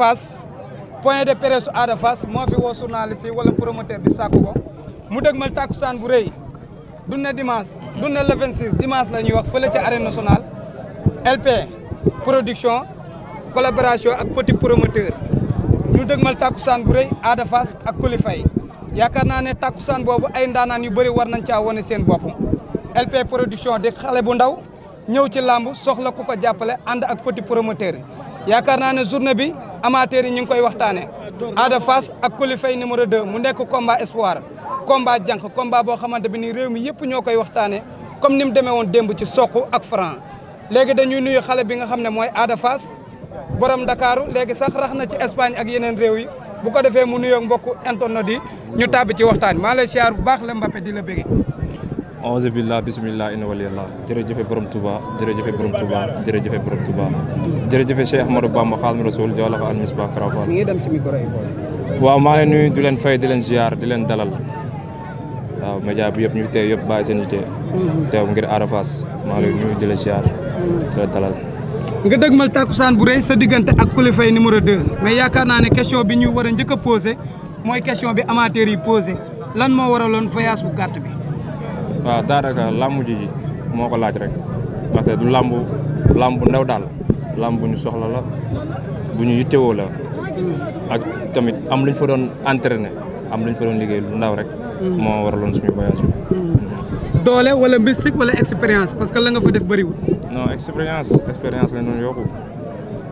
Fass point de presse su Ada Fass moo fi woo journaliste yi wala promoteur bi sàkku ko mu dëgmal tàkkusaan bu rëy du ne dimanche du ne le 26 dimanche la ñuy wax fële ca arène nationale LP production collaboration ak petit promoteur ñu dëgmal tàkkusaan bu rëy Ada Fass ak Coly Faye yaakaar naa ne tàkkusaan boobu ay ndaanaan yu bëri war nañ caa wane seen bopp LP production di xale bu ndaw ñëw ci làmb soxla ku ko jàppale ànd ak petit promoteur yaakaar naa ne amateurs yi ñu ngi koy waxtaanee Ada Fass ak Coly Faye numéro 2 mu nekk combat espoir combat jànq combat boo xamante bi ni réew mi yëpp ñoo koy waxtaanee comme ni mu demee woon démb ci soq ak franc léegi dañuy nuyu xale bi nga xam ne mooy Ada Fass borom ndakaaru léegi sax rax na ci Espagne ak yeneen réew yi bu ko defee mu nuyoog mbokku internet yi ñu taabi ci waxtaan maa lay siyaar baax la Mbappé di la bëgge awuzu billah bismillah inna waliyallah jërëjëfe borom Touba jërëjëfe borom Touba jërëjëfe borom Touba jërëjëfe Cheikh Ahmadou Bamba Xaadimu Rasuul joolaxa an misbah karafal waaw maa ngi nuyu di leen fay di leen ziar di leen dalal waaw média bi yëpp ñu te yëpp bàyyi seen yite mm-hmm. teew ngir Ada Fass maa ngi lay la ziar di la dalal nga dëgmal takkusaan bu rëy sa diggante ak Coly Faye numéro 2 mais yaakaar naa ne question bi ñu war njëkk a mooy question bi amateur yi posé lan moo waraloon voyage bu gàtt bi waaw daanaka làmb ji ji moo ko laaj rek parce que du làmbu làmb bu ndaw daal làmb bu ñu soxla la bu ñu yittewoo la ak tamit am lu ñu fa doon entraîné am lu ñu fa doon liggéey lu ndaw rek. Mm. moo war loon suñu voyage bi. Mm. doole wala mystique wala expérience parce que la nga fa def bëriwul. non expérience expérience la doon yokku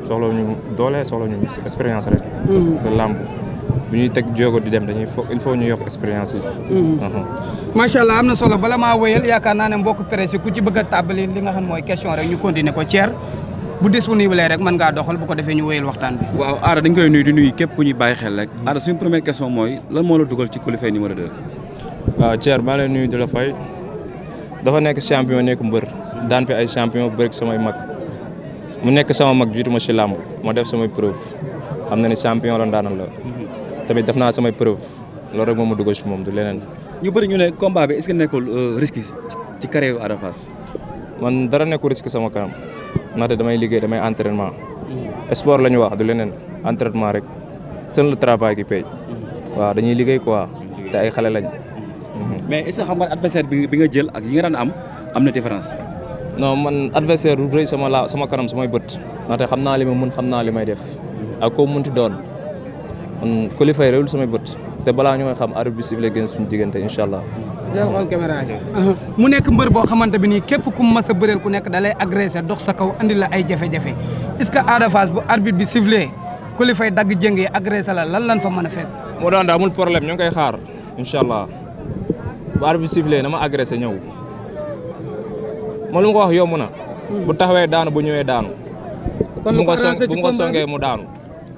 soxla ñu doole soxla ñu mystique expérience rek. Mm. làmb. bu ñuy teg jéego di dem dañuy foog il faut ñu yokk expérience yi. Mm-hmm. Mm-hmm. macha allah am na solo bala maa wéyal yaakaar naa ne mbokk presse ku ci bëgg a li nga xam mooy question rek ñu continuer ko Thierre bu disponible rek mën ngaa doxal bu ko defee ñu wéyal waxtaan bi. waaw Aada dañ koy nuyu di nuyu képp ku ñuy bàyyi xel rek. Aada suñu première question mooy lan moo la dugal ci qualifié numéro 2. waaw Thierre maa lay nuyu di la fay dafa nekk champion nekk mbër daan fi ay champion bëri samay mag mu nekk sama mag jiitu ma si làmb ma def samay preuve xam na ne champion la la. Mm-hmm. tamit def naa samay preuve loolu rek moom ma dugal ci moom du leneen. ñu bëri ñu ne combat bi est-ce que nekkul euh, risque ci carrière yu Ada man dara nekkul risque sama kanam ndaxte damay liggéey damay entraînement. Mm. sport la ñu wax du leneen entraînement rek seen le travail qui paye. Mm. waaw dañuy liggéey quoi te ay xale lañ. Mm-hmm. mais est-ce que xam nga adversaire bi bi nga jël ak yi nga daan am am na différence. non man adversaire du rëy sama laa sama kanam samay bët ndaxte xam naa li ma mën xam naa li may def mm. ak ko mënti doon. man kilifa yi réewul samay bët te balaa ñu may xam arbitre bi sifflé génn suñu diggante incha allah. mu nekk mbër boo xamante bi nii képp ku mas a bëreel ku nekk da lay agressé dox sa kaw andi la ay jafe-jafe est-ce que Ada Fass bu arbitre bi sifflé kilifa yi dagg jëng yi agressé la lan lan fa mën a fekk. moo daan daa amul problème ñu ngi koy xaar incha allah bu arbitre bi sifflé na ma agressé ñëw ma lu ma ko wax yomb na. Hmm. bu taxawee daanu bu ñëwee daanu. kon bu ko songee mu daanu.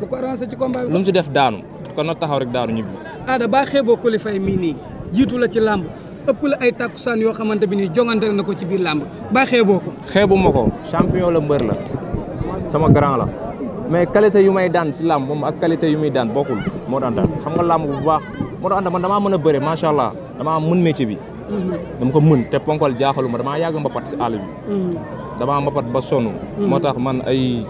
lu ko ci combat bi. mu si def daanu kon na taxaw rek daanu ñibbi. aada baa xeeboo Coly Faye mii nii jiitu la ci làmb ëpp la ay takkusaan yoo xamante bi nii jongante na ko ci biir làmb baa xeeboo ko. xeebu ma ko champion la mbër la sama grand la mais qualité yu may daan si làmb moom ak qualité yu muy daan bokkul moo daan daan xam nga làmb bu baax moo daan daan man damaa mën a bëre macha allah damaa mën métier bi. dama ko mën te ponkal jaaxaluma dama yàgg mbapat si àll bi. Mm-hmm. damaa mbapat ba sonn. moo mm-hmm. tax man ay.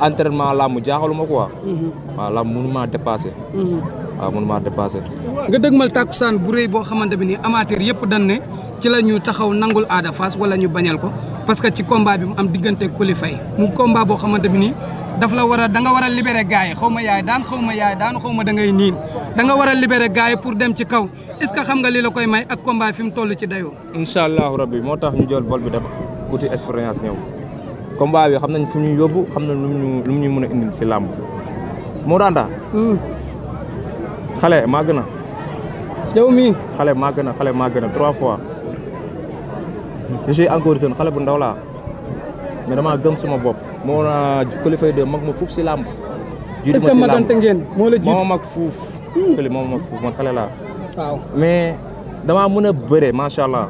entraînement làmb jaaxaluma quoi. Mhm. waaw làmb mënu maa dépassé. Mhm. waaw mënu maa dépassé. nga dëgmal tàkkusaan bu rëy boo xamante bi nii amateur yëpp dan ne ci la ñu taxaw nangul Ada Fass wala ñu bañal ko parce que ci combat bi mu am diggante Coly Faye mu combat boo xamante bi nii daf la war a da nga war a libéré gars yi xaw ma yaay daan xaw ma yaay daan xaw ma da ngay niin da war a libéré gars yi pour dem ci kaw est ce que xam nga li la koy may ak combat fi mu toll ci dayoo. incha allahu rabbi moo tax ñu jël vol bi dem uti expérience combat bi xam nañ fu ñuy yóbbu xam na lu ñu ñuy mën a indil si làmb moo daanda hmm. xale maa gën a xale maa gën a xale maa na a trois fois je suis encore xale bu ndaw laa mais dama gëm sama bopp moo na qualifié de mag ma fuuf si làmb est-ce que magante ngeen moo la jiitu moo mag fuuf këli hmm. xale laa waaw mais dama mën a bëre macha allah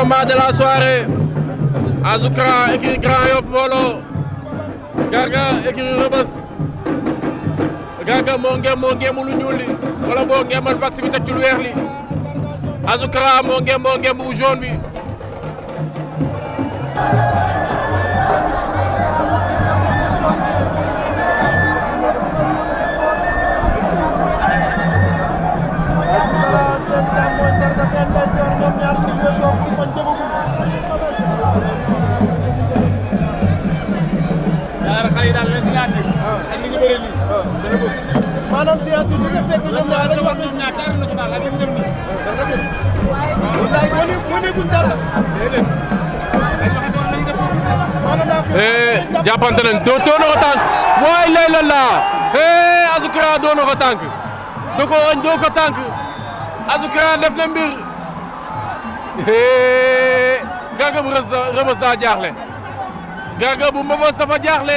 combat de la soirée Azoukra écurie Grand Yoff Mbolo Garga écurie Rebeuss Garga moo ngem moo lu ñuul li wala boo ngemal vax bi teg lu weex li Azoukra moo ngem moo ngem bu jaune bi maanaam signature bi doo doo na eh, tànk waay lay la laa eh, Azoukra doo na tànk da doo ko tànk Azoukra def na mbir eh, Garga bu rëbës daa jaaxle Garga bu mbëbës dafa jaaxle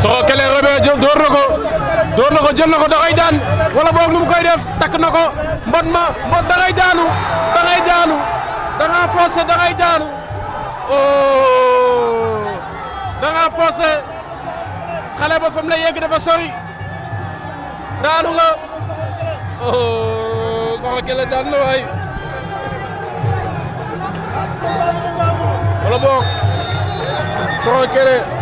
Sokh Kele Rebeu jël door na ko door na ko jël na daan wala boog nu mu koy def takk na mbot ma mbot da daanu da ngay daanu daanu oh da ngaa forcé xale ba fam la yegg dafa sori daanu nga oh Sokh daan na wala boog Sokh Kele.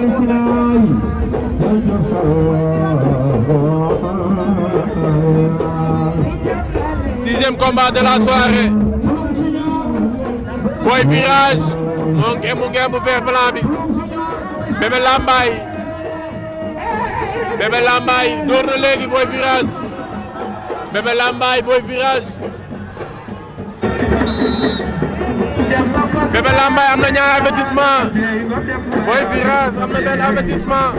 Sixième combat de la soirée Boy Virage moo ngembu ngembu vert blanc bi Bébé Lambaye Bébé Lambaye door na léegi Boy Virage Bébé Lambaye Boy Virage Bébé am na ñaari avertissement Boy Virage am na benn avertissement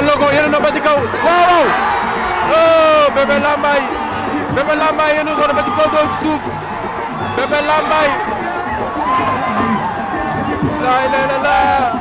jël na ko yéen na ba ci kaw waaw waaw oh Bébé Lambaye Bébé Lambaye yéen suuf Bébé Lambaye la ilaha illallah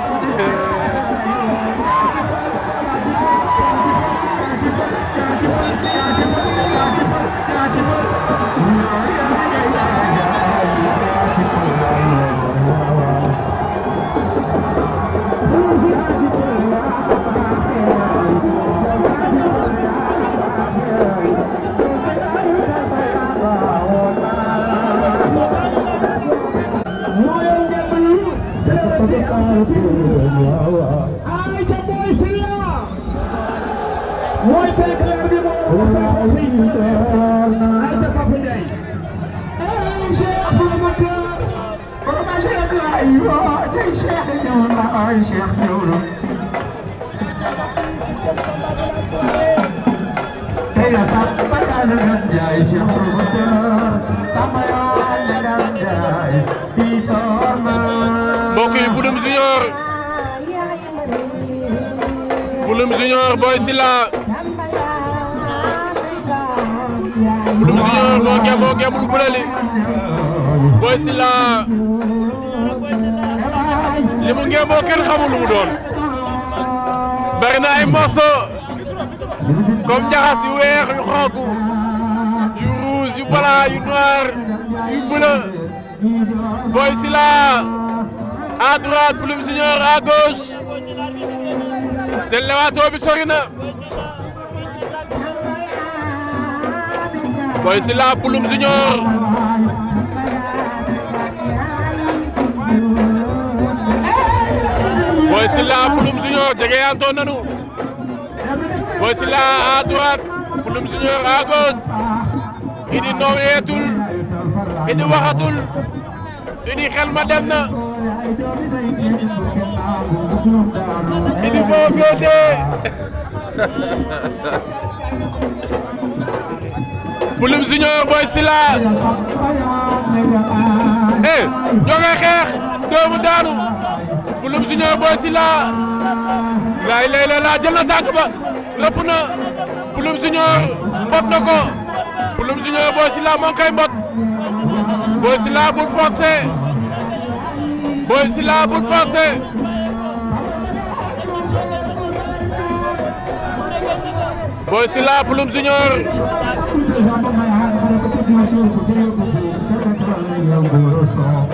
mbokk yi Bouloum Junior Bouloum Junior Boy Sylla Double Junior moo gem moo gemul bu leli Boy Sylla li mu ngem bari na ay morceau comme jaxas yu weex yu xonk yu rouge yu blanc yu noir yu bleu Boy Sylla à droite Double Junior à gauche seen lewaatoo Boy Sylla Pulum Pulum Junior jegeyantoon nañu Boy Sylla à Pulum Junior à gauche Idy nooyeetul waxatul Idy xel ma dem na Idy Pulum Junior Boy Sila eh ñoo xeex doomu daanu Pulum Junior Boy Sila laay lay la laa jël ba rëpp na Pulum Junior mbot na ko Pulum Junior Boy Sila moo mbot Boy Sila bul forcé Boy Sila bul forcé Boy Sila Pulum Junior Hold my hand for the particular tool, particular tool, check it out, and you'll go to song.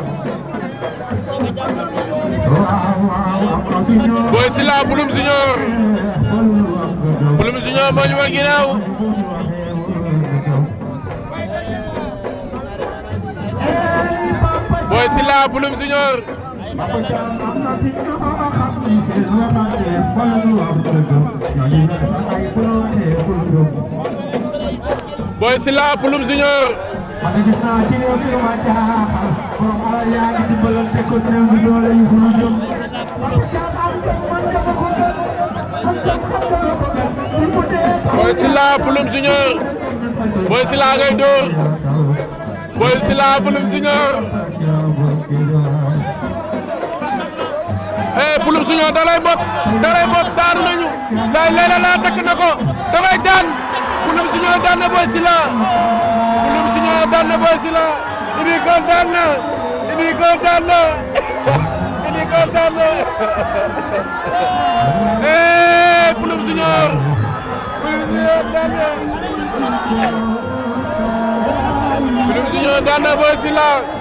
Boy Sila Bulum Junior Bulum Junior moo ñu war ginnaaw Boy Sila Bulum Junior Boy Sila Bulum Junior Boy Sylla Pulum Junior Boy Sylla Pulum Junior Boy Sylla ngay dóor Boy Sylla Pulum Junior eh Pulum Junior da lay bot da lay bot nañu lay leena la takk na ko da daan Oulim eh, Junior daan na Boy Sylla Oulim Junior daan na Boy Sylla Ibi Koor daan na Ibi Koor daan na Ibi Koor daan na eh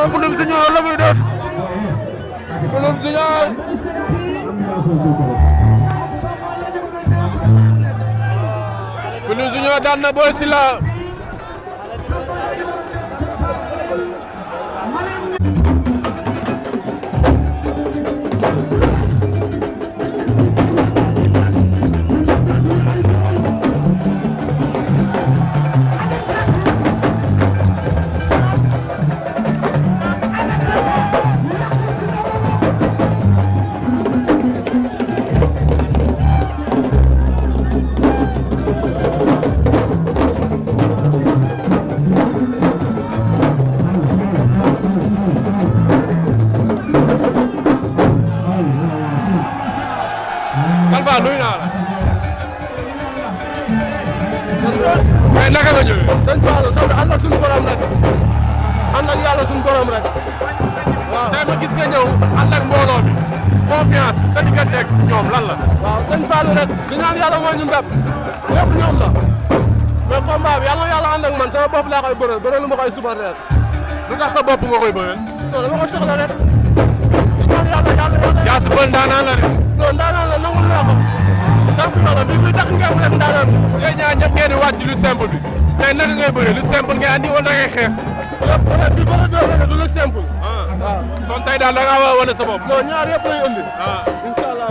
waaw Quneum Junior la muy def Quneum Junior Quneum Junior daan na Boy Sylla borom rek. waaw tey ma gis nga ñëw ànd ak mbooloo bi confiance bi sa digganteeg ñoom lan la. waaw sëñ Fallou rek di ñaan yàlla mooy ñu ndab lépp ñoom la mais combat bi yàlla yàlla ànd ak man sama bopp laa koy bëreel bëreel ma koy suba reer. lu tax sa bopp nga koy bëreel. non dama ko soxla rek. di ñaan yàlla yàlla yàlla. jaasi bëri daanaan la de. non daanaan la nangul naa ko. champion la fii kuy tax ngeen rek daanaan bi. yéen ñaar ñëpp ngeen di wàcc lutte simple bi. tey naka ngay bëree lutte simple ngay andi wala ngay xeex. wala si bëri nga du a wane sa bopp. non ñaar yëpp lay indi. Ah. allah.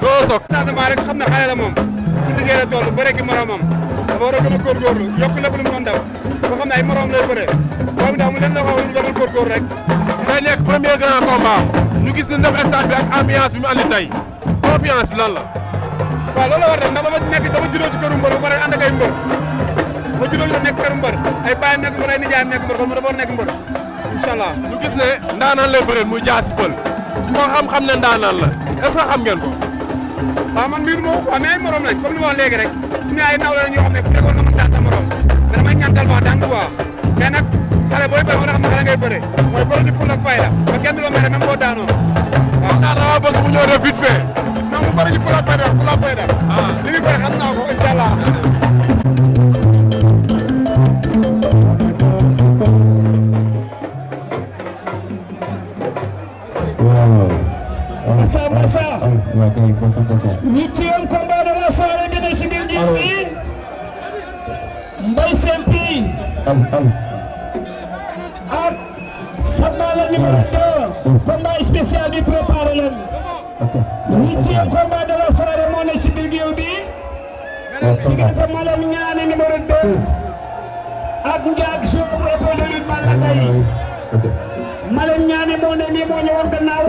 doo soog. changement rek xam ne xale la moom ci liggéey la toll ki moromam dafa war a gën a yokk lépp lu mu doon def ba xam ne ay morom lay mu leen la ko woon demal rek. day nekk premier grand combat ñu gis ne ndef stade ak ambiance bi mu andi tey confiance bi lan la. waaw loolu la war a def ndax dama nekk dama ba juróom la nekk kër mbër ay baay nekk mbër ay nijaay nekk mbër kon mu dafa nekk mbër incha allah gis ne ndaanaan lay bëreel muy jaasi pël koo xam-xam ne ndaanaan la est xam ngeen ko man mbir moo waaw mais ay morom lañ comme li ma rek ne ay naw la ñoo xam ne ku nekkoon nga mën daan sa morom mais damay ñaan dal wax daan quoi mais booy bëri war a xam ne xale bëre mooy bëri di ful fay la ba kenn du mere même boo daanoo waaw daan yi kusan kusan huitième combat de la soirée ngi ne si biir nit ñi Mbaye Sempi am am ak Samba la numéro deux combat spécial bi préparé leen huitième combat de la soirée moo ne si biir géew bi diggante Malam Ñaane numéro deux ak Ndiak Sow bu école de lutte Balla Gaye Malam Ñaane moo ne nii moo ñëwoon gannaaw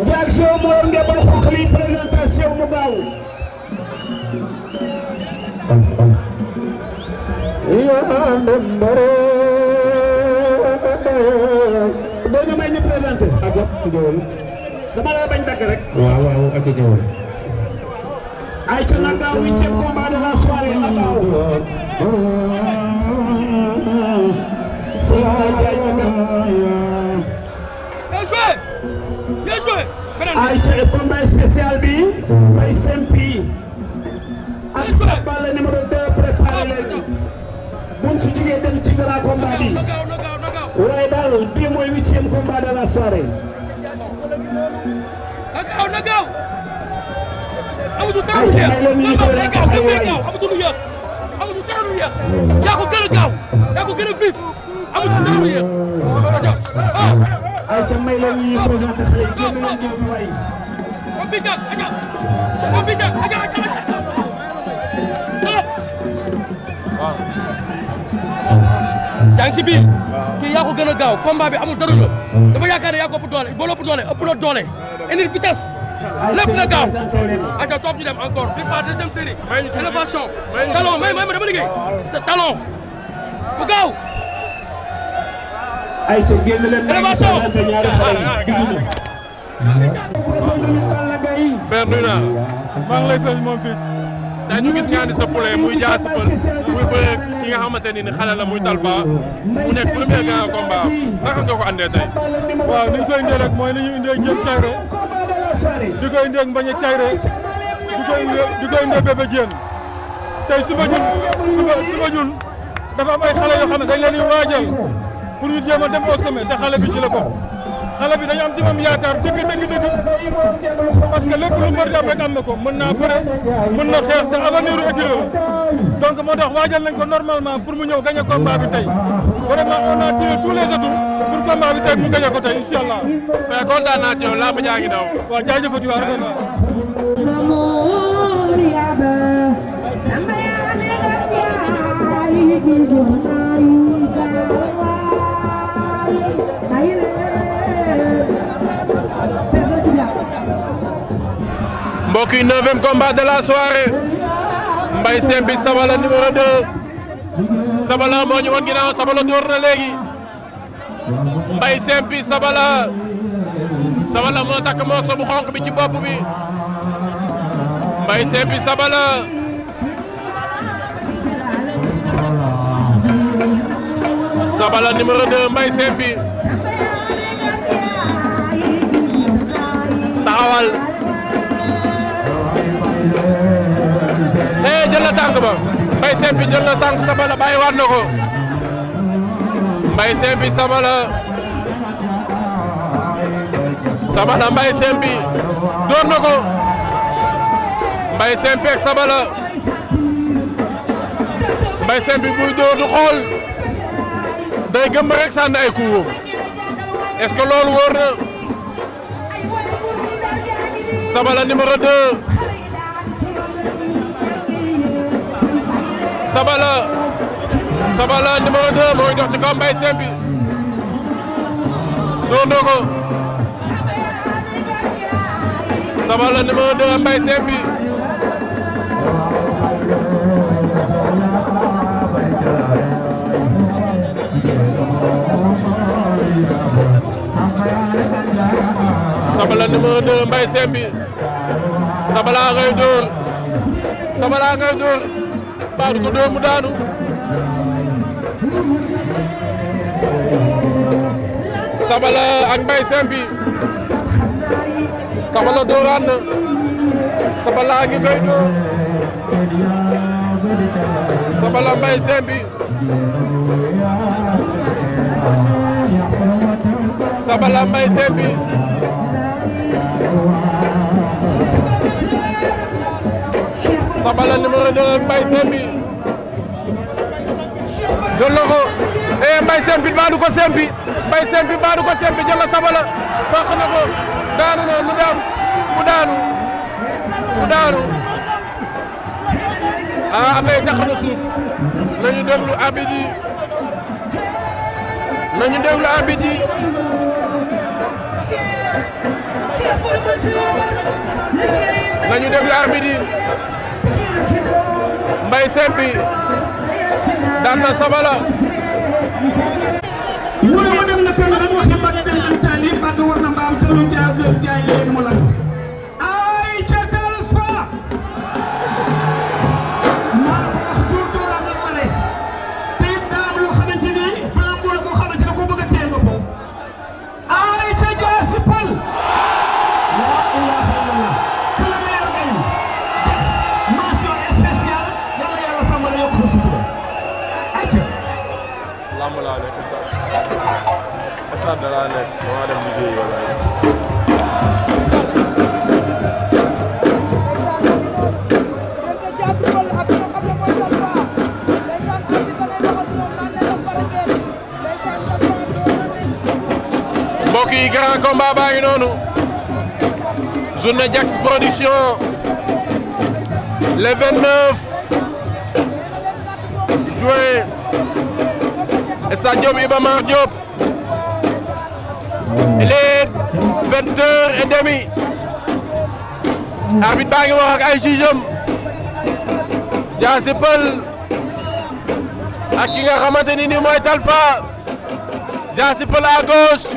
Ndiak Sow mu war ngeen bal xonq li présentation mu gaaw. yaa ndem bare. boo ñu may ñu présenté. d'accord ñëwal. dama la bañ dagg rek. waaw waaw ak ñëwal. ay ca Nakaw huitième combat de la soirée Nakaw. Seydina Ndiaye Nakaw. ayca ah, et combat spécial bi Mbaye Sène Pi ak Sack Balla numéro 2 préparé leen ah, buñ ci jugee dem ci grand combat bi waaye daal bii mooy huitième combat de la soirée. ayca may leen ñu bëre ak ay waay. yaa ko gën a gaaw yaa ko gën a vif amatu dara lu yéex ay ca may leen ñuy présenté biir kii yaa gën a gaaw combat bi amul dara la dafa yaakaar ne yaa ko ëpp doole boo la ëpp doole ëpp la doole indi vitesse lépp la topp ñu dem encore bi pas deuxième série élévation talon may ma dama talon bu gaaw ay sa génn leen may ñu naa maa ngi lay fay moom fils. dañu gis nga ni sa poulet muy jaasi pël muy bëre ki nga xamante ni ni xale la muy Talfa mu nekk premier grand combat naka nga ko andee tey. waaw ni ñu koy indee rek mooy li ñu indee jën tayre di koy indee mbañ a tayre di koy indee bébé jën tey suba dafa am xale yoo xam ne waajal. pour ñu jéem a dem au sommet ci la bokk xale bi am ci moom yaakaar dëgg dëgg dëgg parce que lépp lu mbër jàpp rek am na ko mën naa bëre mën na xeex te avenir u écurie la donc moo tax waajal nañ ko normalement pour mu ñëw gagné combat bi tey vraiment on a tiré tous les atouts pour combat tey mu gagné ko tey incha allah. mais kontaan laa ba jaa ngi daw. waaw jaajëfati waa mbokk yi neuvième combat de la soirée Mbaye Simpi Sabala numéro 2 Sabala moo ñu woon Sabala door na léegi Mbaye Simpi Sabala Sabala moo takk morceau bu xonq bi ci bopp bi Mbaye Simpi Sabala Sabala numéro 2 Mbaye Simpi taxawal. eh jël na tànk ba Mbaye Sempi jël na tànk Sabala bàyyi waat ko Mbaye Sempi Sabala Sabala Mbaye Sempi door ko Mbaye Sempi ak Sabala Mbaye Sempi buy door du xool day gëm rek sànni ay coup est-ce que loolu wóor na Sabala Sabala Sabala numéro 2 mooy Sabala numéro 2 Mbaye Sembi Sabala ngay dóor mbaa du daanu Sabala ak Mbaye Sembi Sabala dóoraan na Sabala a ngi koy Sabala numéro 2 ak Mbaye Sembi jël na ko eh Mbaye Sembi baa du ko Sembi Mbaye Sembi baa du ko Sembi Sabala fàq na daanu na lu daam mu daanu mu daanu ah affaire tax na suuf nañu déglu abidi nañu déglu abidi. nañu déglu arbitre Mbaye Sempi daan na Sabala. ma dem na maa nekk maa dem liggéey wala mbokk yi grand combat baa ngi noonu journée Diaks production le 29 juin stade Iba Mar Diop réew mi arbitre baa ngi wax ay jugeem Diassy ak ki nga xamante ni nii mooy Talfa Diassy Peul à gauche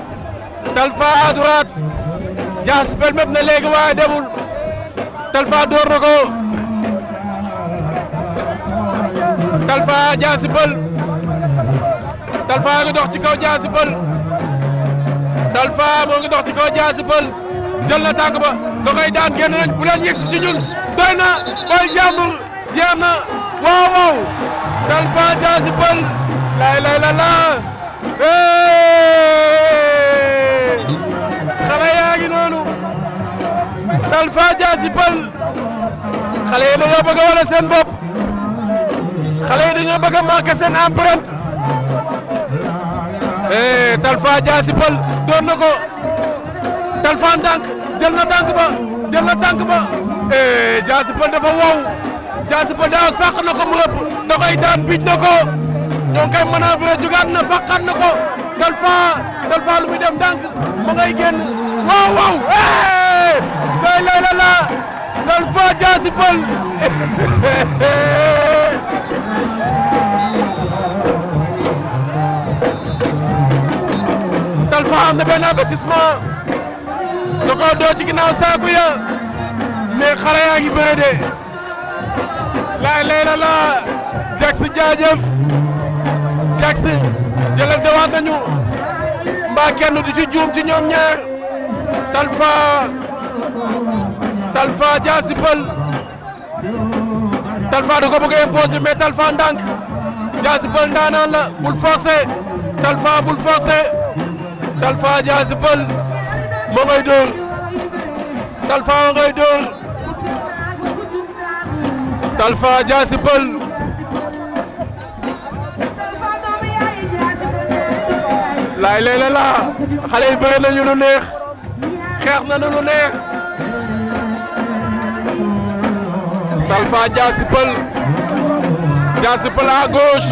Talfa à na léegi waaye demul Talfa door na ko Talfa Diassy Peul ngi dox ci kaw Diassy Peul moo ngi dox ci kaw Diassy jël na tànk ba da koy daan génn nañ bu leen yegsi doy na bal jàmbur jeex na waaw waaw Talfa Diassi Peul lay lay la la xale yaa ngi noonu Talfa Diassi Peul xale yi dañoo bëgg a wane seen bopp xale yi dañoo bëgg a marqué seen empreinte Talfa Diassi Peul doon na ko Talfa ndànk jël na ba jël na ba eh Diassy Peulh wow Diassy Peulh daaw sàq na ko mu rëpp da daan bij na ko ñoo ngi koy manœuvre jugaat na fàqaat na ko Talfa lu muy dem ma ngay génn waaw waaw eh la la Talfa Diassy Peulh Talfa am na benn da doo ci ginnaaw saaku ya mais xale yaa ngi bëre de laay lay la laa Jax jaajëf Jax waat nañu mbaa kenn du ci juum ci ñoom ñaar Talfa Talfa Diassy Peul Talfa da ko bëgg a imposer mais Talfa ndànk Diassy Peul ndaanaan la bul forcer Talfa bul forcer Talfa Diassy Peul moo ngay dóor Talfa moo ngay dóor Talfa Diassy Peul laa xale yi bëri nañu lu neex xeex nañu lu neex Talfa Diassy Peul Diassy Peul à gauche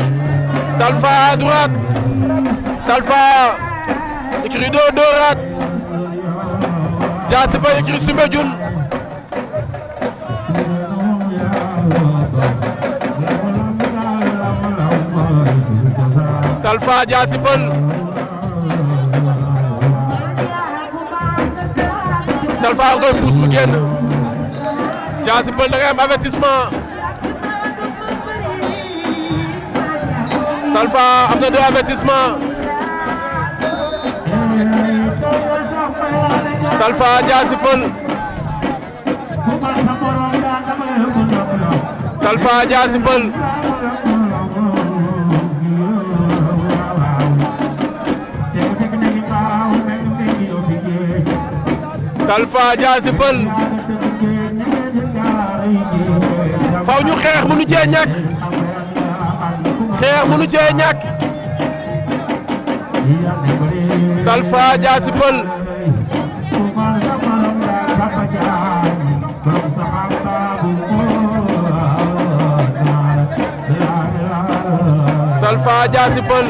Talfa à droite Talfa Diassy Faye écurie Soumbédioune Talfa Diassy Peulh Talfa nga koy puus mu génn Diassy Peulh da ngay am avertissement Talfa am na deux avertissement Talfa Ndiassy Peulh Talfa Ndiassy Peulh Talfa Ndiassy Peulh faw ñu xeex mënu cee ñàkk xeex mënu cee ñàkk Talfa Ndiassy Peulh Moustapha Diassi Peul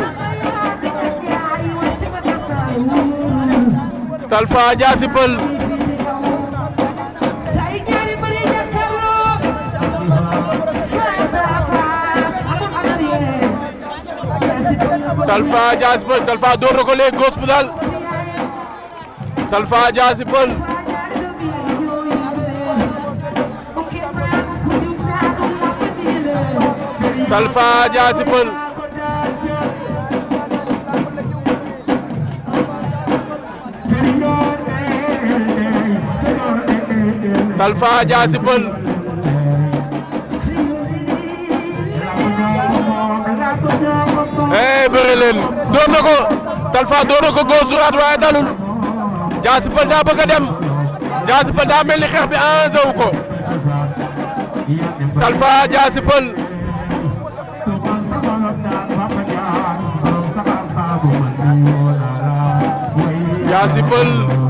Talfa Diassi Peul Talfa Diassi Peul Talfa door na ko léegi góos bu daal Talfa Diassi Peul Talfa Diassi Peul Talfa Diassi Peulh eh bëre leen door na ko Talfa door na ko góor suraat waaye dalul Diassi Peulh daa bëgg a dem Diassi Peulh daa mel ni xeex bi enjeu wu ko Talfa Diassi Peulh Diassi Peulh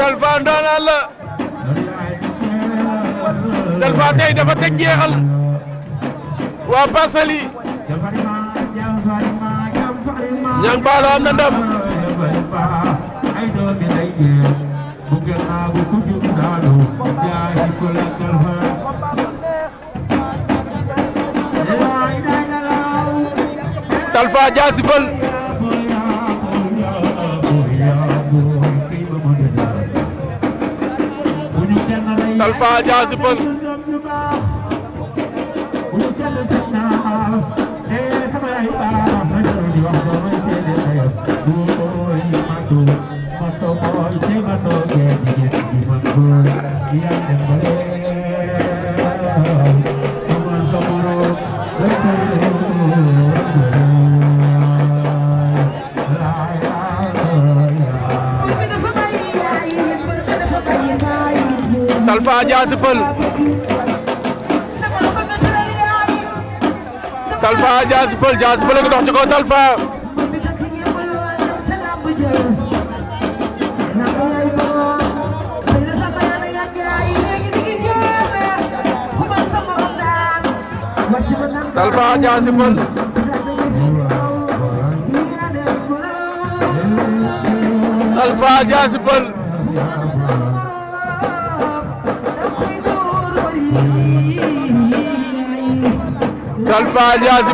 Talfa ndaanaan la Talfa tey dafa teg jeexal waa Parcelles yi Niang Ballo am na ndam Talfa Dia Sy Peulh Talfa Diassi Peulh Talfa Diassy Peul Talfa Diassy Peul Diassy Peul ngi dox ci kaw Talfa Talfa Diassy Peul Talfa Diassy Peul Talfa Jaasi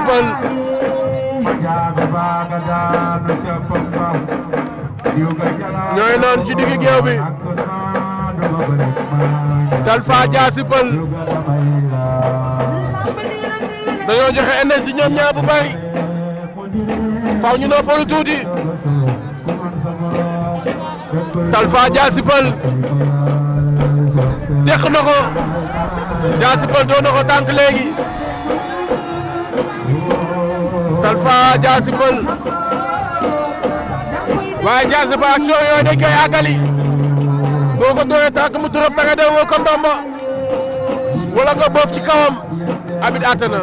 ñooy noon ci digg géew bi Talfa Jaasi Pël dañoo joxe énergie ñoom ñaar bu bari faw ñu noppalu tuuti Talfa Jaasi Pël teq na ko Jaasi Pël doon Talfa Jaasi Pël waaye Jaasi Ba action yooyu dañ koy àggali boo ko doyee tànk mu turaf da nga dem woo ko ndomba wala nga boof ci kawam abit àtte na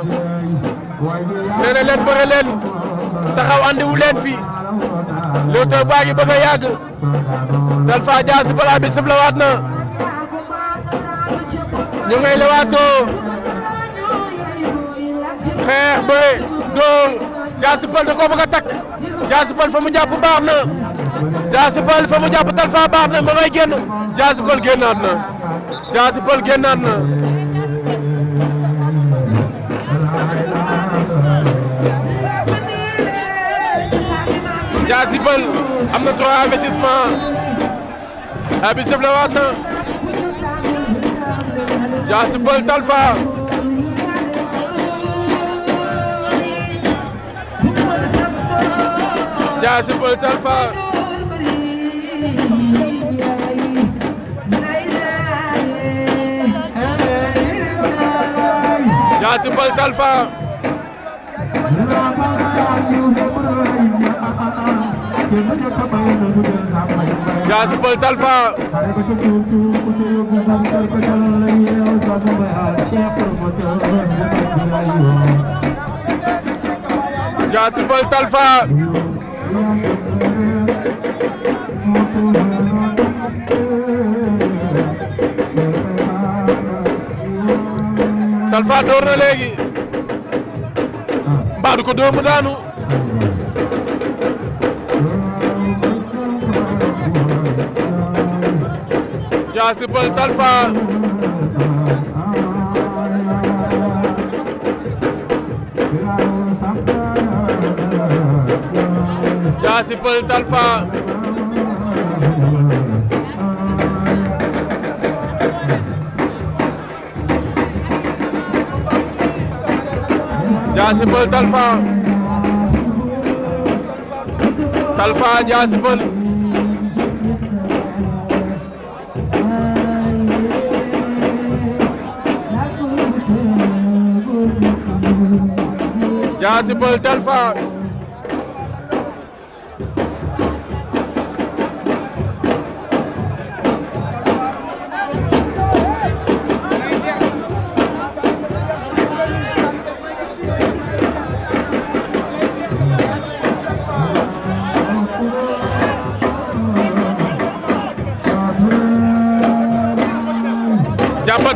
nee na leen bëre leen taxaw andi wu leen fi Leewtoo baa ngi bëgg a yàgg Talfa Jaasi Pël abit sëflawaat na ñu ngay lewaatoo xeex bëre door Diassy Peulh da koo bëgg a takk Diassy Peulh fa mu jàpp baax na Diassy Peulh fa mu jàpp Talfa baax na ma ngay génn Diassy Peulh génnaat na na Diassy Peulh am na trois avertissement abi sëf la waat na Diassy Peulh Talfa Thiassy Peulh Talfa Thiassy Peulh Talfa Thiassy Peulh Talfa Thiassy Peulh Talfa Talfa door na léegi mbaa du ko dóor mu daanu Dia Sy Peulh Talfa Sipël Talfa Dia Sipël Talfa Talfa Dia Sipël Dia Sipël Talfa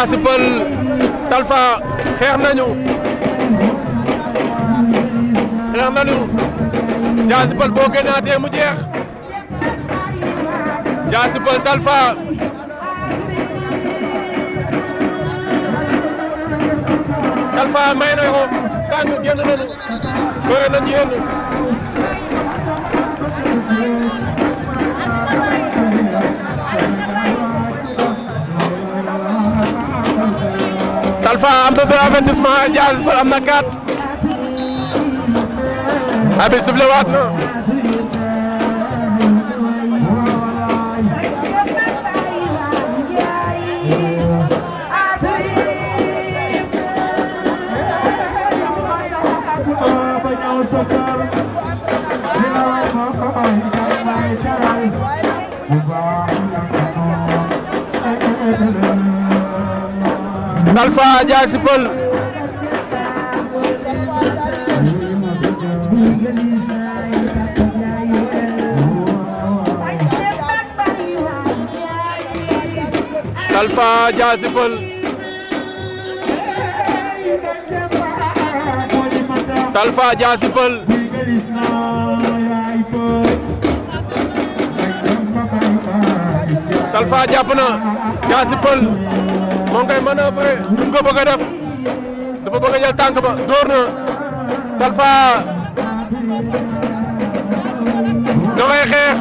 Nancy Peul Talfa xeex nañu xeex nañu Nancy Peul boo génnaatee mu jeex Nancy Peul Talfa may na ko tànk génn nañu bëre nañu yéen Alpha am na deux avertissement Diaz Peulh am na quatre abi siflewaat na Talfa Ndiaye si Talfa Ndiaye si Talfa Ndiaye si moo ngi koy manœuvrer ñu ngi ko bëgg a def dafa bëgg a jël tànk ba door na Talfa da ngay xeex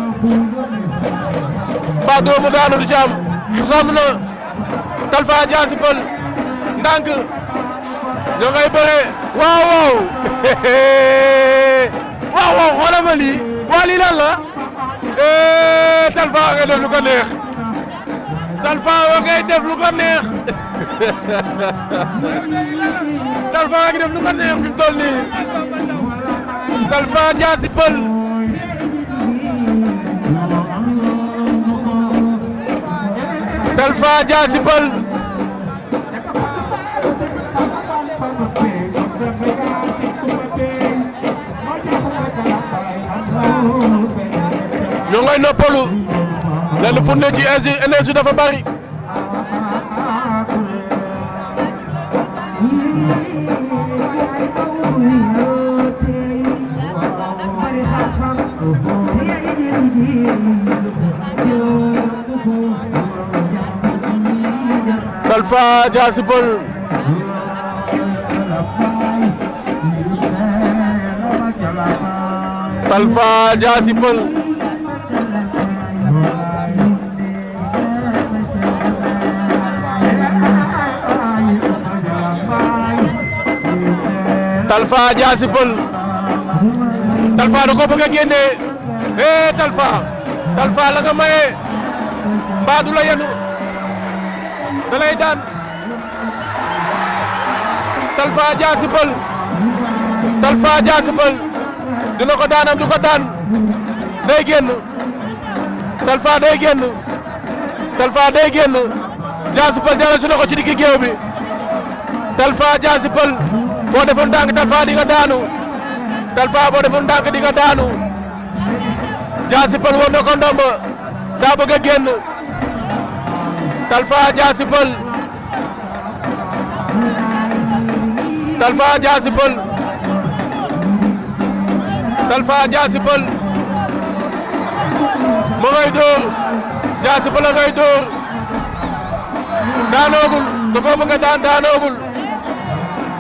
ba doomu daanu du ci am sonn na Talfa jaasi pël ndànk da ngay bëree waaw waaw waaw waaw xoolal ma lii waa lii lan la Talfa eh, nga def lu ko neex Talfa ngay def lu ko neex. Talfa a ngi def lu ko neex fi mu toll nii Talfa Diassy Peul Talfa Diassy Peul ñoo ngay noppalu lenn fu ne ci énergie dafa bari Talfa Diassy Peulh Talfa Diassy Peulh Talfa Diassy Peulh Talfa da ko bëgg a génne eh Talfa Talfa la nga mbaa du la yenu daan Talfa Diassy Peulh Talfa Diassy Peulh dina ko daanam du ko daan day génn Talfa day génn Talfa day génn Diassy Peulh delloo si na ko ci digg géew bi Talfa Diassy Peulh boo defoon ndànk Talfa di nga daanu Talfa boo defoon ndànk di nga daanu. Diassy Peulh woon daa bëgg génn Talfa Diassy Peulh Talfa Diassy Peulh Talfa Diassy ma ngay dóor Diassy Peulh a ngay dóor daanoogul da koo daan daanoogul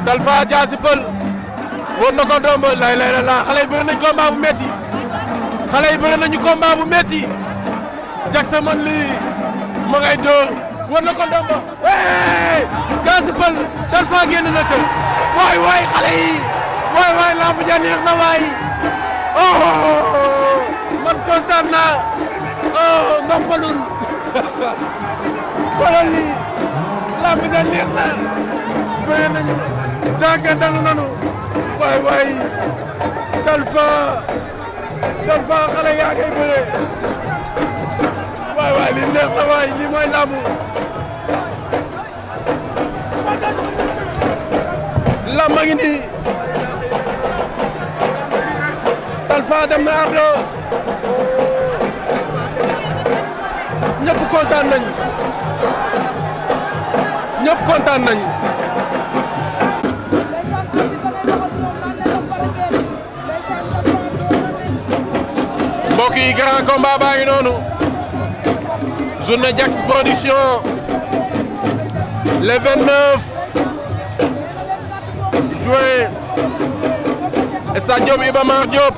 Talfa Diassy Peulh woon na lay lay la xale yi bëri nañ combat bu xale yi bëri nañu combat bu metti Jackson man lii ma dóor war na ko ndomba hey Pël dal faa génn waay waay xale yi waay waay lamb ja na waay oh man kontaan naa oh noppalul xoolal lii na bëri nañu jàngat nanu waay waay dal Kër Faa xale yaa ngi bëree waay waay li neex na waay lii mooy làmb làmb ngi nii Talfa dem na Ardo ñëpp kontaan nañu ñëpp kontaan nañu mbokk yi grand combat baa ngi noonu journée Diaks production le 29 juin stade Diop Iba Mar Diop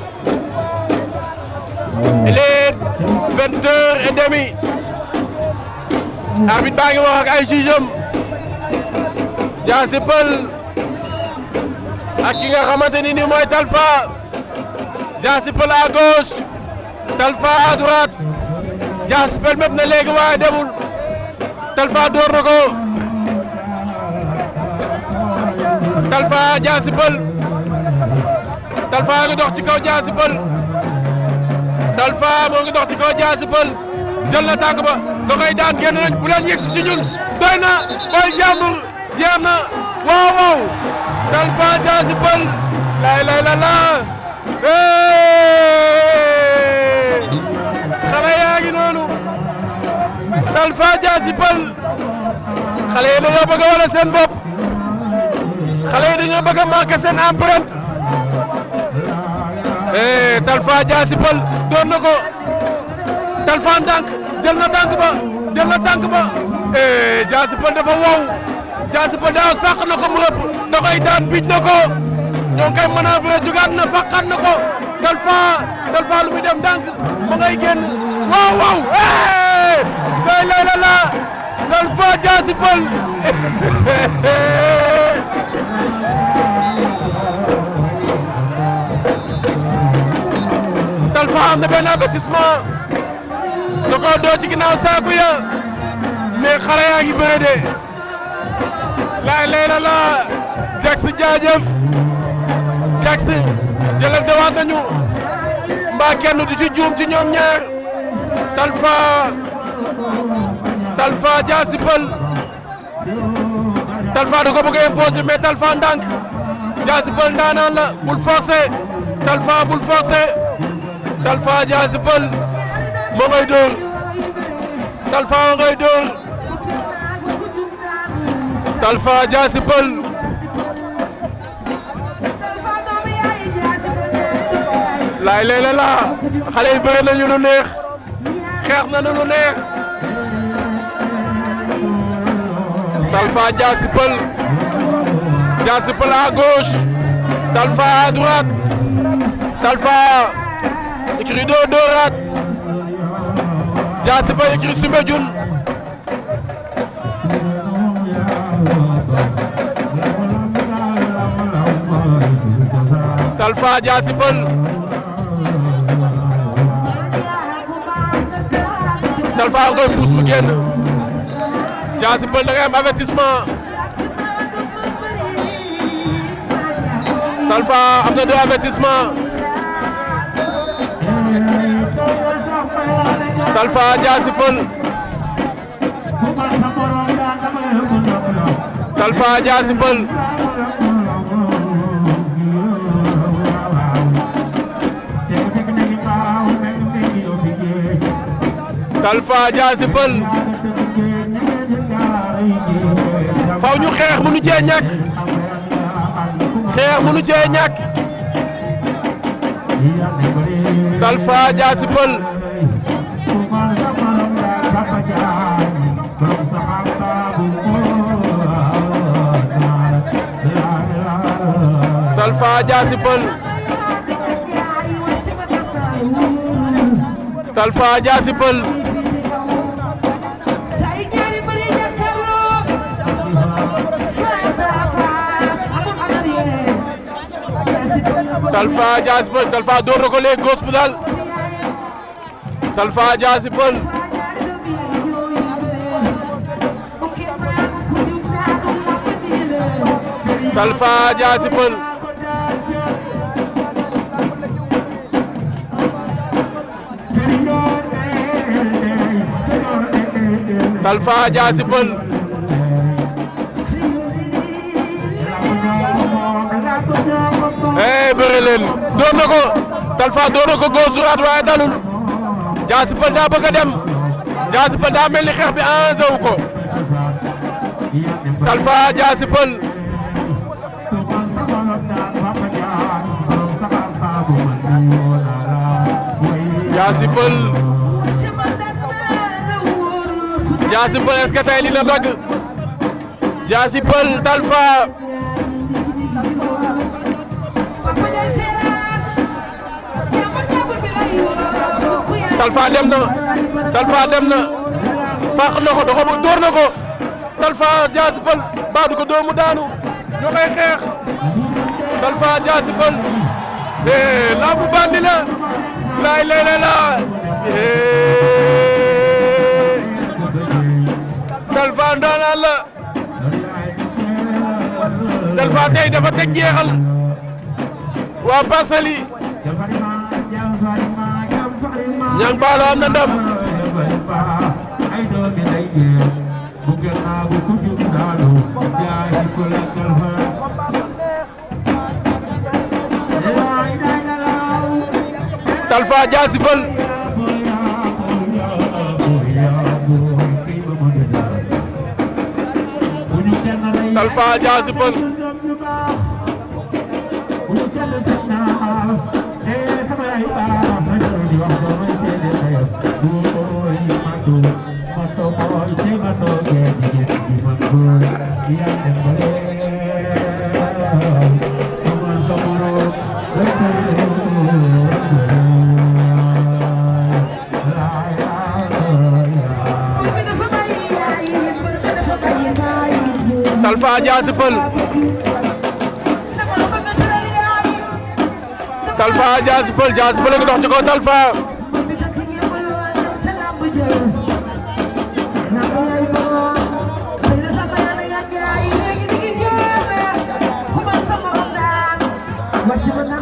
il vingt heures et demie arbitre baa ngi wax ak ay juge am ak ki nga xamante ni nii mooy Talfa Diassy Peulh Talfa à droite Diass permet na léegi waaye demul Talfa door na ko Talfa Diass Peul Talfa a ngi dox ci kaw Diass Peul Talfa moo ngi dox ci kaw Diass Peul jël na tànk ba da koy daan génn nañ bu leen yegsi ci ñun doy na booy jàmbur jéem na waaw waaw Talfa Diass lay lay la la Talfa Diassy Peulh xale yi dañoo bëgg a wane seen bopp xale yi dañoo bëgg a seen empreinte eh Talfa Diassy doon na ko Talfa ndànk jël na tànk ba jël na tànk ba eh Diassy dafa wow Diassy Peulh daaw sàq na ko mu rëpp da koy daan bij na ko ñoo ngi koy jugaat na fàqaat na ko Talfa Talfa lu muy dem ndànk ma ngay génn waaw waaw. Eh! day lay la la jaasi pël dal am na benn avertissement da koo doo ci ginnaaw saaku ya mais xale yaa ngi bëre lay la la Jax jaajëf Jax jëlal dawaat nañu mbaa kenn du ci juum ci ñoom ñaar Talfa Talfa Diassy Peulh Talfa da ko bëgg a imposer Talfa ndànk Diassy Peulh ndaanaan la bul forcer Talfa bul forcer Talfa Diassy Peulh moo Talfa moo Talfa Diassy Peulh laay léeg laa xale yi bëri nañu lu neex xeex nañu lu neex. Talfa Diassy Peulh Diassy Peulh à gauche Talfa à droite Talfa écurie de Dorate Diassy Peulh écurie Soumbédioune Talfa Diassy Peulh Talfa a koy puus mu génn da ngay am avertissement Talfa am na deux Jaasi Peul Talfa Jaasi Peul faw ñu xeex mënu cee ñàkk xeex mënu cee ñàkk Talfa Diassy Peulh Talfa Diassy Peulh Talfa Diassy Peulh Talfa Diassy Peulh Talfa door na ko léegi góos bu daal Talfa Diassy Peulh Talfa Diassy Peulh Talfa Diassy Peulh eh bëri leen door na ko Talfa door na ko góor su raat waaye dalul Jaasi Pël daa bëgg a dem Jaasi Pël daa mel ni xeex bi enjeu wu ko Talfa Jaasi Pël Jaasi Pël Jaasi Pël est-ce que tey li na dagg Jaasi Pël Talfa Talfa dem na Talfa dem na fàq na ko da ko dóor na ko Talfa Diassy ko doomu daanu ñu koy xeex Talfa Diassy Peulh eh laabu bandi la laay léeg-léeg laa eh Talfa ndaanaan la Talfa tey dafa teg jeexal waa Parcelles Niang Ballo am na ndam Talfa Diassi Peulh Talfa Diassy Peulh Talfa Diassy Peulh Diassy Peulh ngi dox ci kaw Talfa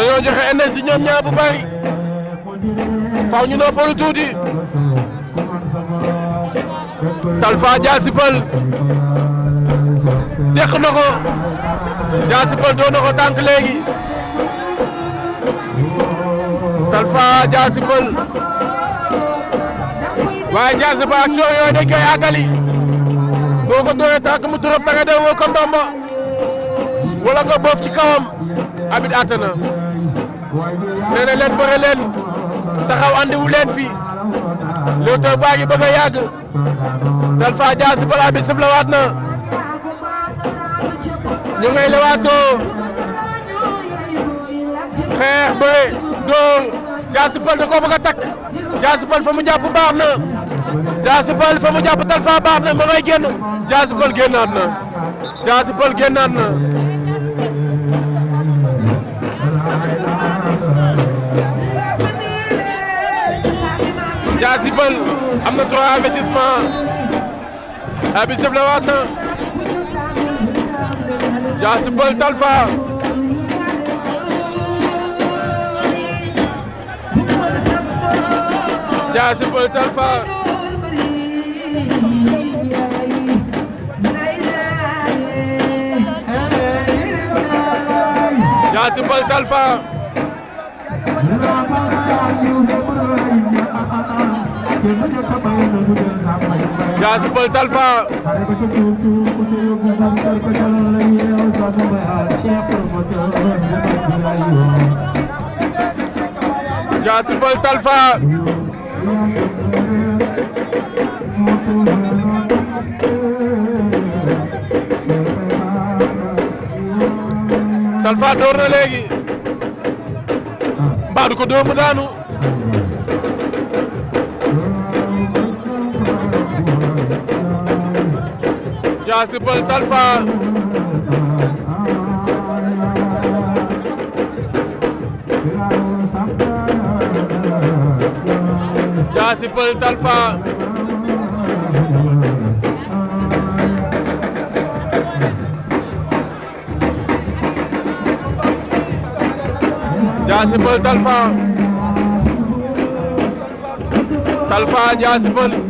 dañoo joxe énergie ñoom ñaar bu bari faw ñu noppalu tuuti Talfa Diassy Peul teq na ko Diassy Peul doon na ko tànk léegi Talfa Diassy Peul waaye yooyu dañ koy boo ko doonee tànk mu turaf da nga dem woo ko ndomba wala ci kawam abit àtte nee na leen bëre leen taxaw andiwu leen fi Leewtoo baa ngi bëgg a yàgg Talfa Diassy balaa bi sëflawaat na ñu ngay lewaatoo xeex bëre dóor Diassy Peulh da koo bëgg a takk Diassy Peulh fa mu jàpp baax na Diassy Peulh fa mu jàpp Talfa baax na ma ngay génn Diassy Peulh génnaat na Diassy Peulh génnaat na yëmbal am na trois avertissement abi sif la waat na Diass Peulh Talfa Diass Peulh Talfa Diass Peulh Talfa Jaasi Pël Talfa Jaasi Pël Talfa Talfa door na léegi mbaa du ko dóor mu daanu Papa Sipeul Talfa Dia Sipeul Talfa Dia Sipeul Talfa Talfa Dia Sipeul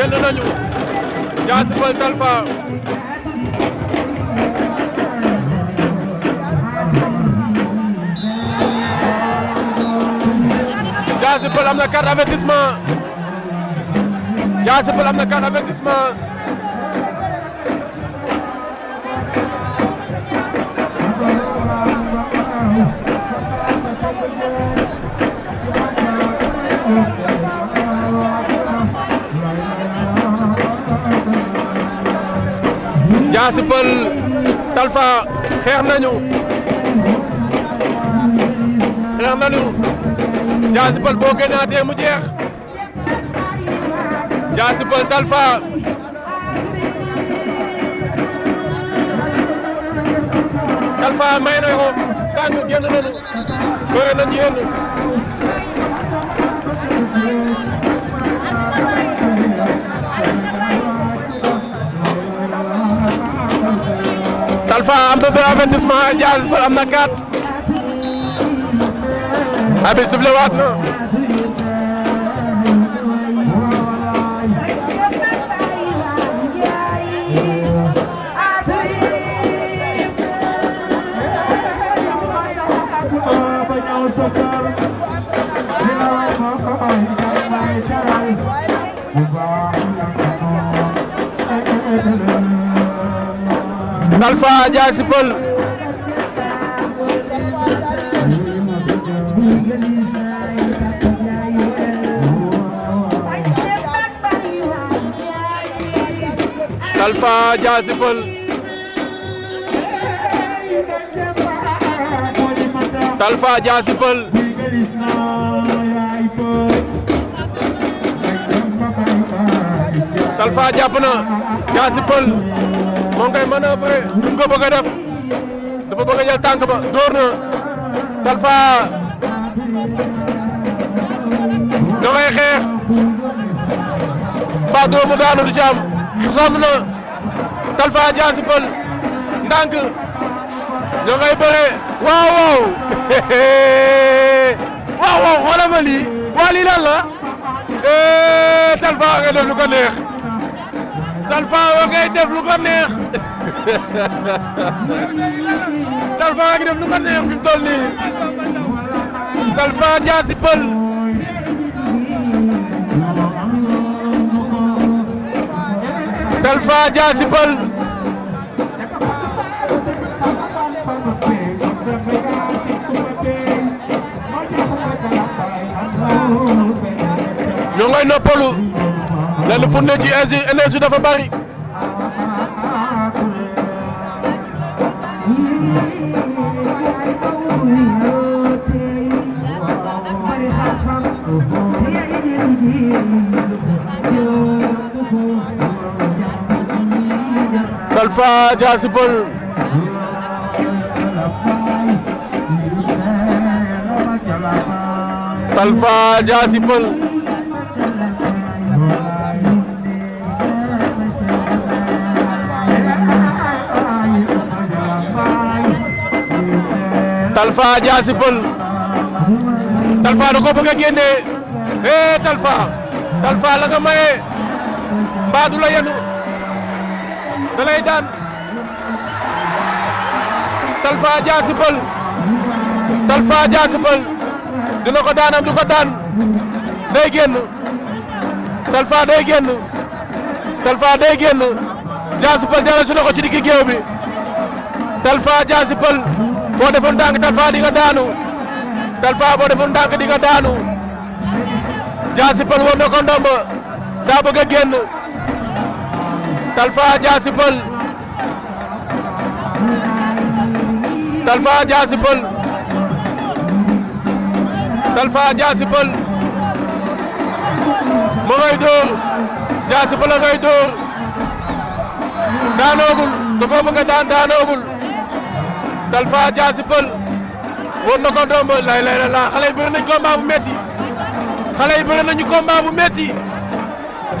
jël nañu Jaasi Peul Talfa Jaasi Peul am na carte avertissement Jaasi Peul am na carte avertissement Cassy Peul Talfa xeex nañu xeex nañu Cassy Peul boo génnaatee mu jeex Cassy Peul Talfa Talfa may na ko tàng génn nañu bëre nañu yenn Moustapha am na deux avertissement Diaz Peul am na quatre. Abi sifle waat na. Bye. Talfa Ndiaye si Peulh Talfa Ndiaye si Talfa Ndiaye si moo ngi koy manœuvre ñu ngi ko a def dafa bëgg a jël tànk ba door na Talfa da koy xeex ba doomu daanu du ci am na Talfa jaasi pël ndànk ñoo ngay bëre waaw waaw waaw waaw xoolal ma lii waa lii lan la Talfa eh, lu ko neex. Talfa wa ngay def lu ko neex Talfa wa ngi def lu ko neex fi mu toll nii Talfa Diassy Peul Talfa Diassy Peul ñoo ngay noppalu lenn fu ne ci énergie dafa bari Talfa Diassy Peulh Talfa Diassy Peulh Talfa Diassy Peul Talfa da ko bëgg a génne eh mbaa du la yenu da daan Talfa Diassy Peul Talfa Diassy Peul daanam du ko daan day génn Talfa day génn Talfa day si na ci digg géew bi Talfa Diassy boo defoon ndànk Talfa di nga daanu Talfa boo defoon dànk di nga daanu Jaasi Pël woon daa bëgg génn Talfa Jaasi Pël Talfa Jaasi Pël Talfa Jaasi Pël ma ngay dóor Jaasi a ngay dóor daanoogul da koo bëgg daanoogul Talfa Diassy Peul woon na ko lay lay la xale yi bëri nañu combat bu métti xale yi bëri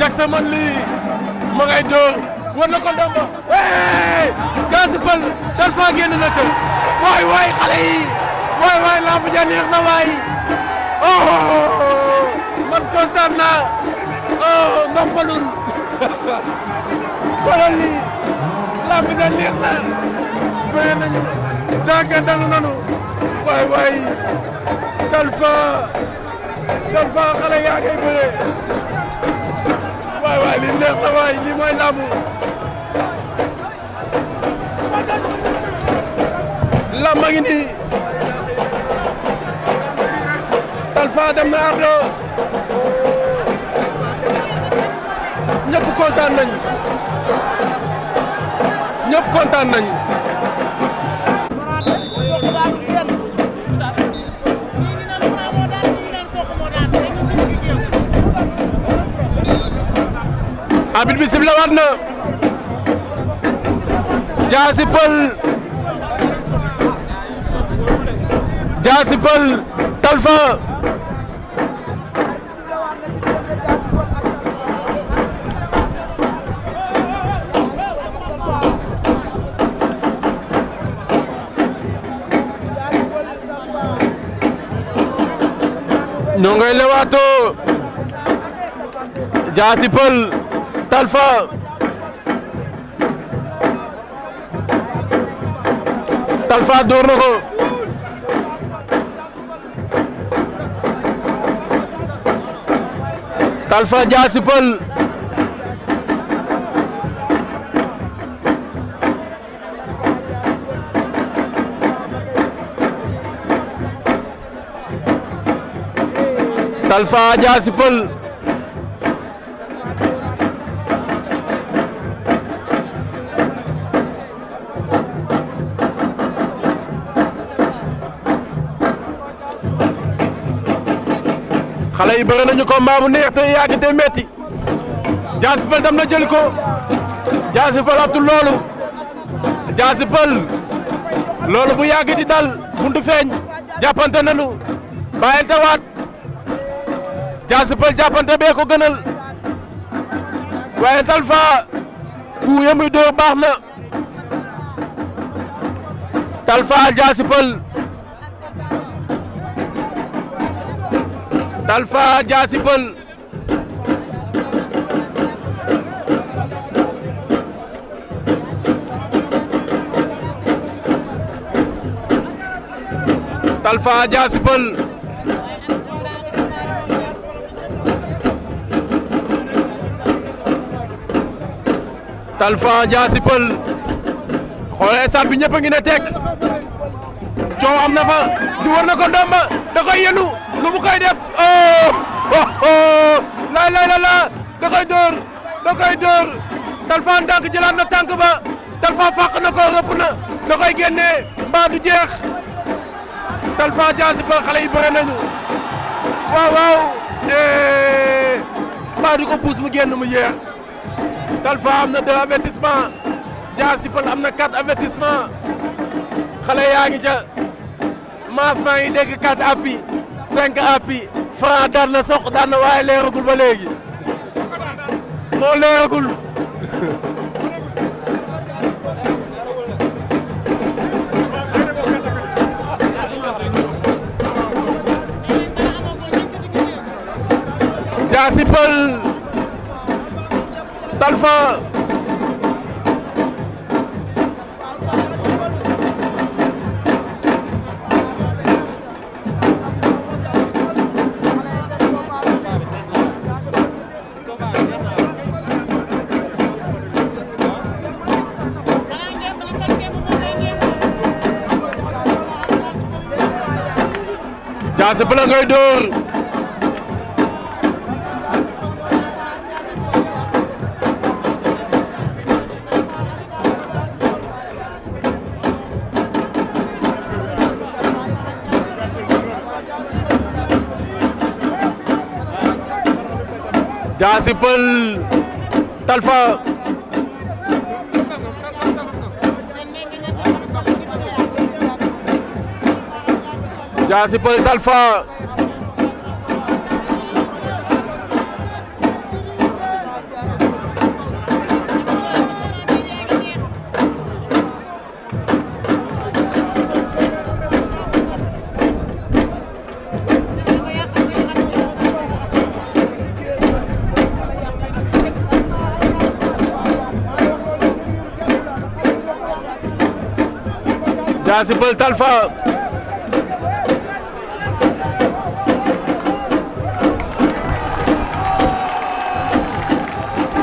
nañu ngay dóor woon na ko domb hey Diassy Peul Talfa na ca waay waay xale waay waay lamb ja neex na waay oh man kontaan naa oh noppalul xoolal lii lamb ja na bëri nañu. Diagué dalu nanu waay waay Talfa Talfa xale yaa ngay bëre waay waay li neex na waay li mooy làmb làmb ngi nii Talfa dem na Ardo ñëpp kontaan nañu ñëpp kontaan nañu arbitre bi siflé waat na Diassy Peulh Talfa ñoo ngay lewaatoo Diassy Talfa Talfa door na ko Talfa Diassy Peulh Talfa Diassy Peulh xale yi bëri nañu ko mbaamu neex te yàgg te metti Diassy na jël ko Diassy Peulh loolu Diassy loolu bu yàgg di dal buntu feeñ jàppante nañu bàyyil tawaat Diassy Peulh jàppante bee ko gënal waaye Talfa ku yamuy dóor baax na Talfa Diassy Peulh Talfa Jaasi Pël Talfa Jaasi Pël Talfa Jaasi Pël xoolee saat bi ñëpp a ngi ne tekk coow am na fa du na ko ndomba da koy yenu lu def oh lay lay la la da koy dóor da koy dóor Talfa ndànk jëlaat na tànk ba Talfa fàq na ko rëpp na da koy génnee mbaa du jeex Talfa jaasi ba xale yi bëre nañu waaw waaw eh, mbaa du ko puus mu génn mu yeex Talfa am na deux avertissement jaasi ba am na quatre avertissement xale yaa ngi ca maas maa ngi dégg quatre appuis cinq appuis Franc daan na soq daan na waaye leeragul ba léegi moo leeragul. jaasi pël Talfa. Thiatou Peulh ngay dóor Thiatou Peulh Talfa Jaasi Peulh Talfa Jaasi Peulh Talfa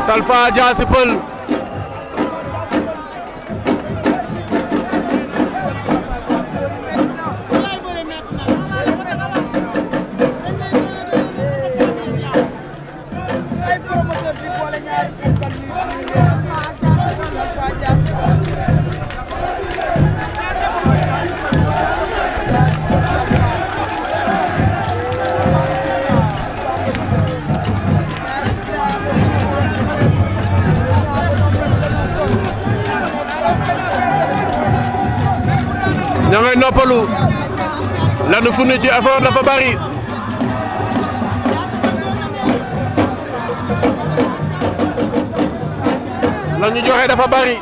Talfa Diassi Peulh loolu lanu fu ne ci effort dafa bari lañu joxe dafa bari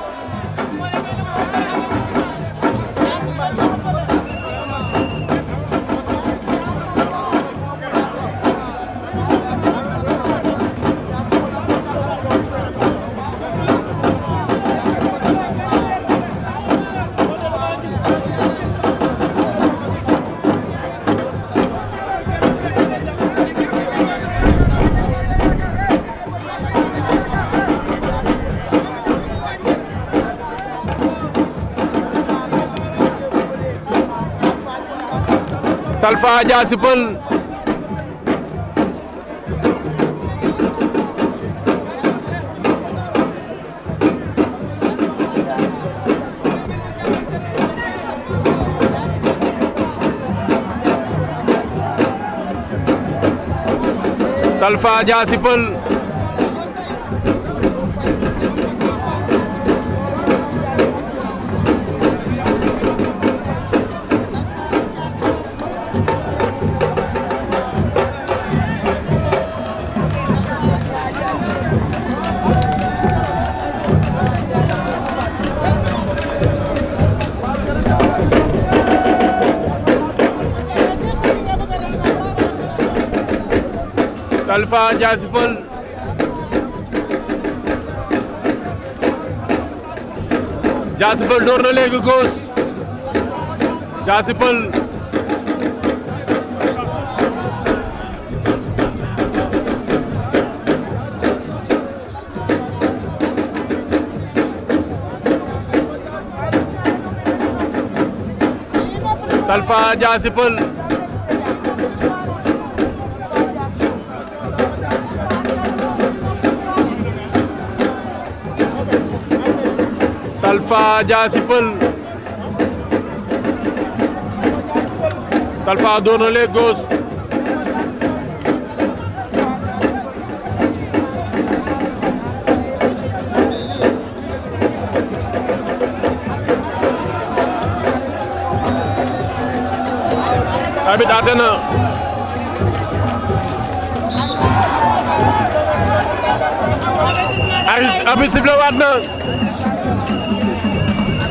Talfa Diassy Peulh Talfa Diassy Peulh Talfa Jaasi Pël Jaasi Pël door na léegi góos Jaasi Pël Talfa Jaasi Pël Talfa Diassy Peulh Talfa door na léegi góos abit na abit sifle waat na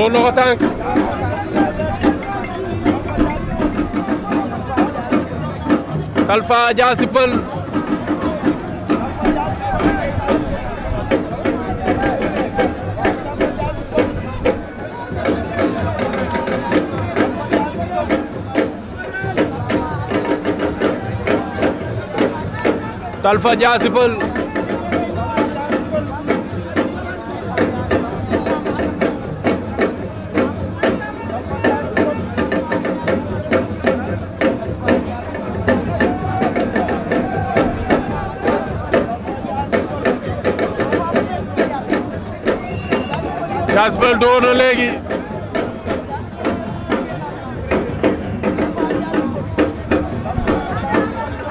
noonu la ko Talfa Diassy Talfa Diassy Casse Peul dóor na léegi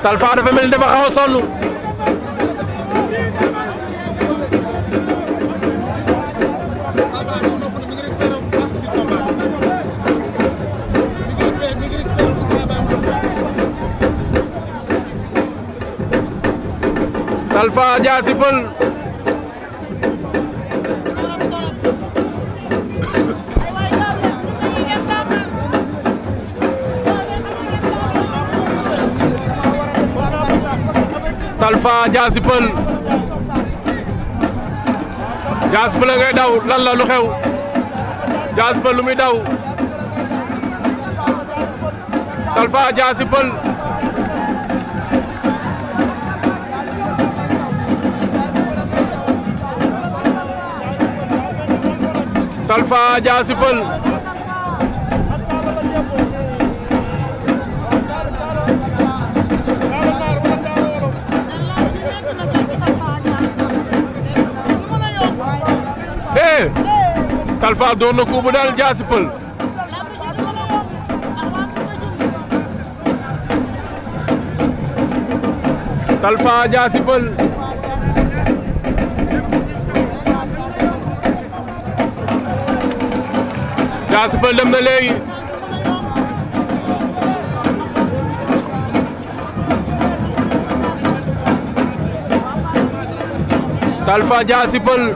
Talfa dafa mel ni dafa xaw a sonn Talfa Diassy Peul Talfa Diassy Peul Diassy Peul ngay daw Talfa doon na ko bu daal jaasi pël Talfa jaasi pël jaasi pël dem na léegi Talfa jaasi pël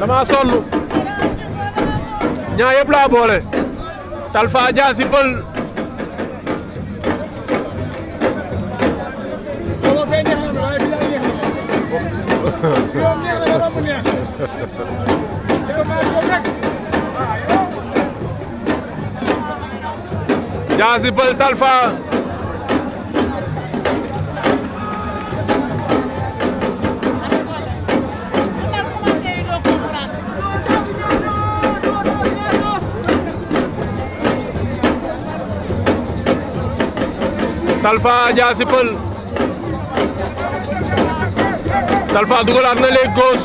dama sonn ñaa yëpp laa boole Talfa Dia pël Dia Talfa Diassy Peulh Talfa dugalaat na léegi góos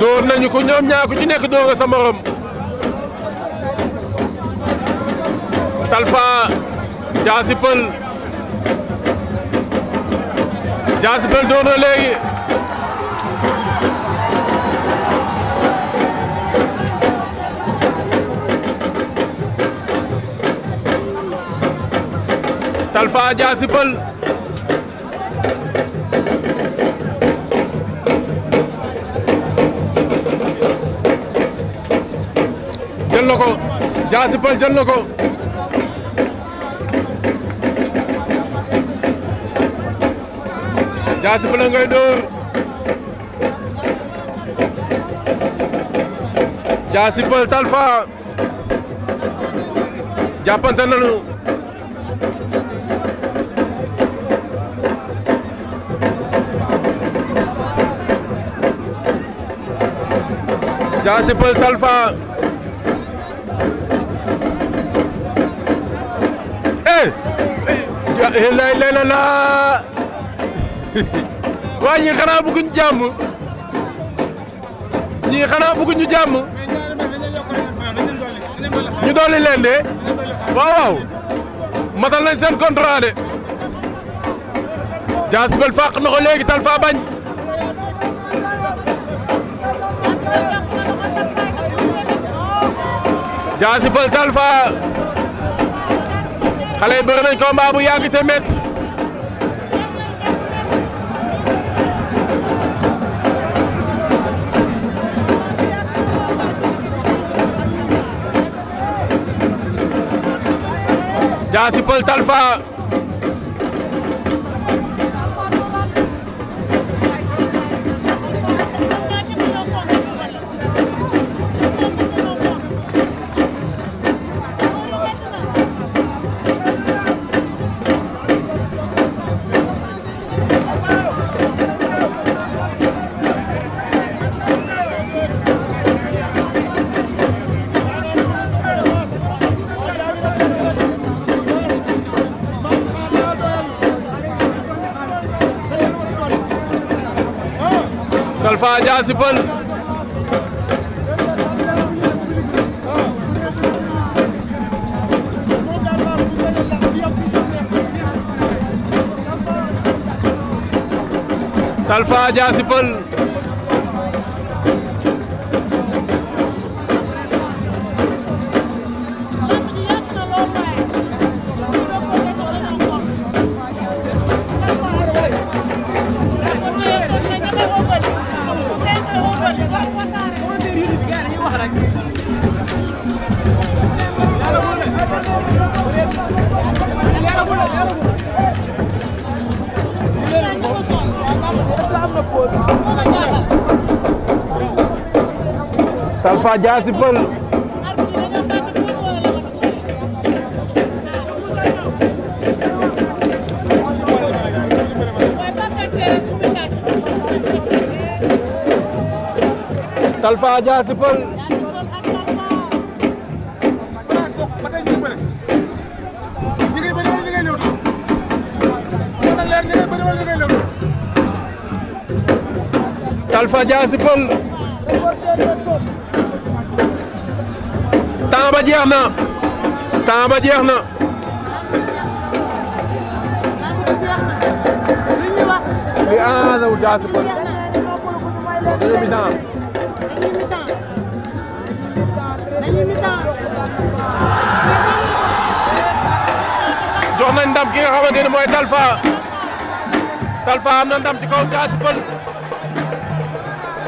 dóor nañu ko ñoom ñaar ku ci nekk dóor nga sa morom Talfa Diassy Peulh léegi Talfa Diassi Peul jël na ko Diassi Peul jël na ko Diassi Diassy Peulh Talfa eh lay lay laa waa ñii xanaa bëgguñu jàmm ñii xanaa bëgguñu jàmm ñu dolli leen de waaw waaw matal de Diassy Peulh fàq na ko léegi bañ Diassy Beuz Talfa xale yi bëri nañ combat bu yàgg te métti Diassy Beuz Talfa Moustapha Diassy Peulh Talfa Diassy Peulh Moustapha Dia si Peul Talfa Dia si Peul Talfa Dia si Peul temps ba jeex na temps ba jeex na. mais arrangé wu jaasi pël. dañu mi temps. jox nañ ndam ki nga xamante ne mooy Talfa Talfa am na ndam ci kaw jaasi pël.